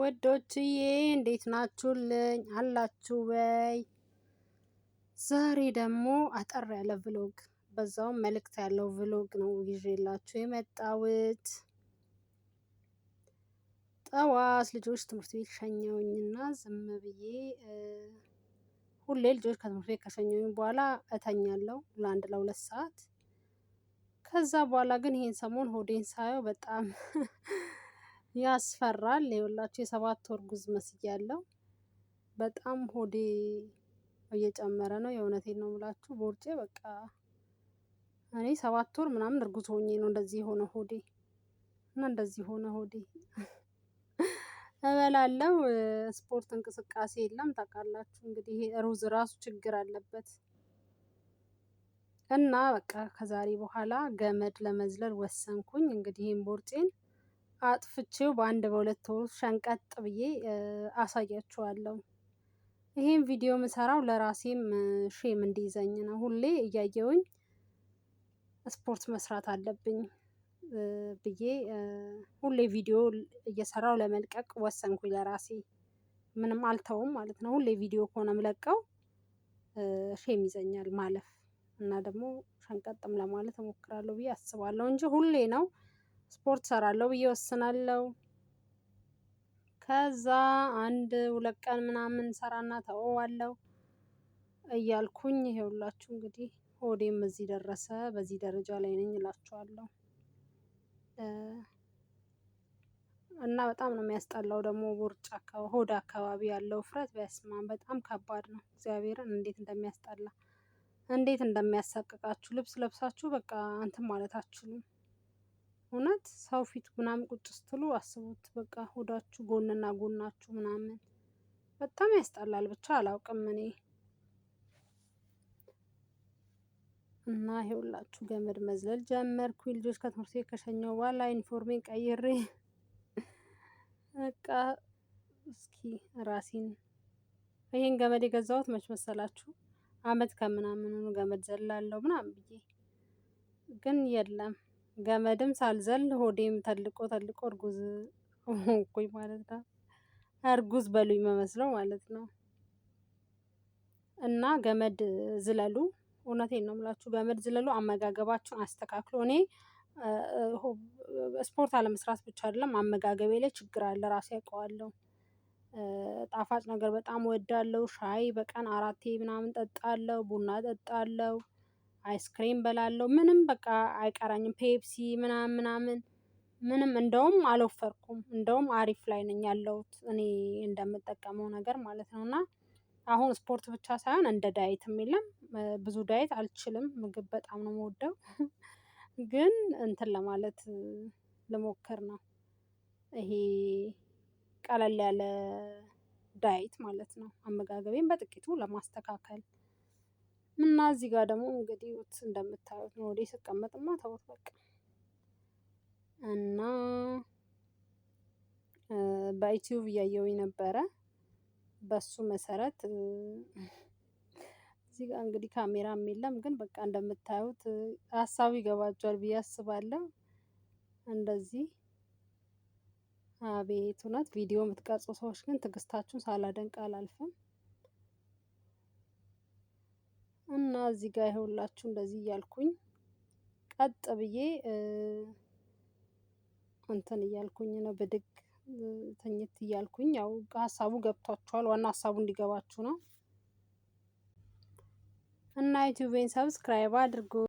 ወዶችዬ እንዴት ናችሁልኝ? አላችሁ ወይ? ዛሬ ደግሞ አጠር ያለ ቭሎግ በዛውም መልእክት ያለው ቭሎግ ነው ይዤላችሁ የመጣሁት። ጠዋት ልጆች ትምህርት ቤት ሸኘውኝና ዝም ብዬ ሁሌ ልጆች ከትምህርት ቤት ከሸኘውኝ በኋላ እተኛለሁ ለአንድ ለሁለት ሰዓት። ከዛ በኋላ ግን ይህን ሰሞን ሆዴን ሳየው በጣም ያስፈራል። ይኸውላችሁ የሰባት ወር ጉዝ መስያለሁ። በጣም ሆዴ እየጨመረ ነው። የእውነቴን ነው የምላችሁ። ቦርጬ በቃ እኔ ሰባት ወር ምናምን እርጉዝ ሆኜ ነው እንደዚህ የሆነ ሆዴ እና እንደዚህ ሆነ ሆዴ። እበላለው ስፖርት እንቅስቃሴ የለም። ታውቃላችሁ እንግዲህ ሩዝ ራሱ ችግር አለበት እና በቃ ከዛሬ በኋላ ገመድ ለመዝለል ወሰንኩኝ። እንግዲህ ይህን ቦርጬን አጥፍቼው በአንድ በሁለት ወር ሸንቀጥ ብዬ አሳያችኋለሁ። ይሄን ቪዲዮ ምሰራው ለራሴም ሼም እንዲይዘኝ ነው። ሁሌ እያየውኝ ስፖርት መስራት አለብኝ ብዬ ሁሌ ቪዲዮ እየሰራው ለመልቀቅ ወሰንኩኝ ለራሴ። ምንም አልተውም ማለት ነው። ሁሌ ቪዲዮ ከሆነ ምለቀው ሼም ይዘኛል ማለፍ እና ደግሞ ሸንቀጥም ለማለት እሞክራለሁ ብዬ አስባለሁ እንጂ ሁሌ ነው ስፖርት ሰራለሁ ብዬ ወስናለሁ። ከዛ አንድ ሁለት ቀን ምናምን ሰራና ተወዋለሁ። እያልኩኝ ይሄውላችሁ እንግዲህ ሆዴም እዚህ ደረሰ በዚህ ደረጃ ላይ ነኝ እላችኋለሁ። እና በጣም ነው የሚያስጠላው ደግሞ ቦርጭ አካባቢ ሆድ አካባቢ ያለው ውፍረት በስማም በጣም ከባድ ነው እግዚአብሔርን እንዴት እንደሚያስጠላ። እንዴት እንደሚያሳቅቃችሁ ልብስ ለብሳችሁ በቃ እንትን ማለት አችሉም። እውነት ሰው ፊት ምናምን ቁጭ ስትሉ አስቡት። በቃ ሆዳችሁ ጎንና ጎናችሁ ምናምን በጣም ያስጠላል። ብቻ አላውቅም እኔ እና ይሄውላችሁ ገመድ መዝለል ጀመርኩ። ልጆች ከትምህርት ቤት ከሸኘው በኋላ ዩኒፎርሜን ቀይሬ በቃ እስኪ ራሴን ይህን ገመድ የገዛሁት መች መሰላችሁ? አመት ከምናምኑ ገመድ ዘላለሁ ምናምን ብዬ ግን የለም ገመድም ሳልዘል ሆዴም ተልቆ ተልቆ እርጉዝ ሆንኩኝ ማለት ነው። እርጉዝ በሉኝ መመስለው ማለት ነው። እና ገመድ ዝለሉ፣ እውነቴን ነው የምላችሁ። ገመድ ዝለሉ፣ አመጋገባችሁን አስተካክሉ። እኔ ስፖርት አለመስራት ብቻ አይደለም አመጋገቤ ላይ ችግር አለ፣ ራሴ ያውቀዋለሁ። ጣፋጭ ነገር በጣም ወዳለው፣ ሻይ በቀን አራቴ ምናምን ጠጣለው፣ ቡና ጠጣለው። አይስክሬም በላለው ምንም በቃ አይቀራኝም። ፔፕሲ ምናምን ምናምን ምንም እንደውም አልወፈርኩም። እንደውም አሪፍ ላይ ነኝ ያለሁት እኔ እንደምጠቀመው ነገር ማለት ነው። እና አሁን ስፖርት ብቻ ሳይሆን እንደ ዳይትም የለም ብዙ ዳይት አልችልም ምግብ በጣም ነው የምወደው። ግን እንትን ለማለት ልሞክር ነው። ይሄ ቀለል ያለ ዳይት ማለት ነው። አመጋገቤን በጥቂቱ ለማስተካከል እና እዚህ ጋር ደግሞ እንግዲህ ውት እንደምታዩት ነው ወደ ስቀመጥማ ተውት በቃ እና በዩቲዩብ እያየው ነበረ። በሱ መሰረት እዚህ ጋር እንግዲህ ካሜራም የለም፣ ግን በቃ እንደምታዩት ሀሳቡ ይገባቸዋል ብዬ አስባለሁ። እንደዚህ አቤት እውነት ቪዲዮ የምትቀርጹ ሰዎች ግን ትዕግስታችሁን ሳላደንቅ አላልፍም። እና እዚህ ጋር ይኸውላችሁ እንደዚህ እያልኩኝ ቀጥ ብዬ እንትን እያልኩኝ ነው ብድግ ተኝት እያልኩኝ ያው ሀሳቡ ገብቷችኋል። ዋና ሀሳቡ እንዲገባችሁ ነው እና ዩቲዩቤን ሰብስክራይብ አድርጉ።